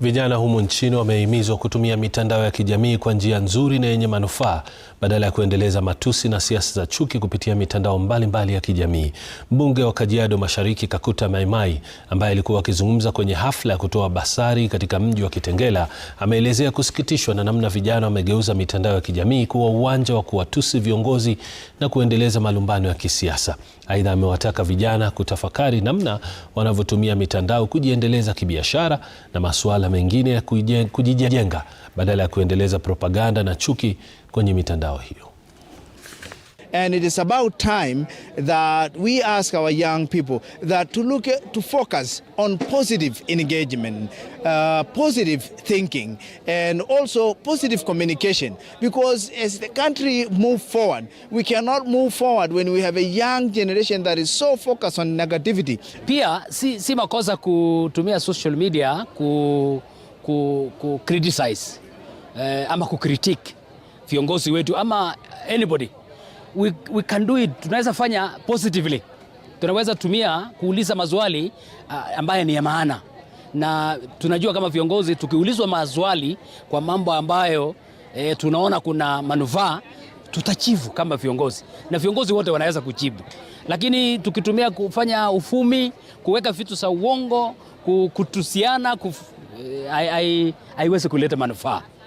Vijana humu nchini wamehimizwa kutumia mitandao ya kijamii kwa njia nzuri na yenye manufaa badala ya kuendeleza matusi na siasa za chuki kupitia mitandao mbalimbali mbali ya kijamii. Mbunge wa Kajiado Mashariki Kakuta Maimai, ambaye alikuwa akizungumza kwenye hafla ya kutoa basari katika mji wa Kitengela, ameelezea kusikitishwa na namna vijana wamegeuza mitandao ya kijamii kuwa uwanja wa kuwatusi viongozi na kuendeleza malumbano ya kisiasa. Aidha, amewataka vijana kutafakari namna wanavyotumia mitandao kujiendeleza kibiashara na masuala mengine ya kujijenga badala ya kuendeleza propaganda na chuki kwenye mitandao hiyo. And it is about time that we ask our young people that to look at, to focus on positive engagement, uh, positive thinking, and also positive communication. Because as the country move forward, we cannot move forward when we have a young generation that is so focused on negativity. Pia si, si makosa kutumia social media ku, ku, ku criticize eh, ama ku critique viongozi wetu ama anybody, we, we can do it. Tunaweza fanya positively, tunaweza tumia kuuliza maswali uh, ambaye ni ya maana, na tunajua kama viongozi tukiulizwa maswali kwa mambo ambayo e, tunaona kuna manufaa tutachivu kama viongozi na viongozi wote wanaweza kujibu, lakini tukitumia kufanya ufumi, kuweka vitu za uongo, kutusiana, eh, haiwezi kuleta manufaa.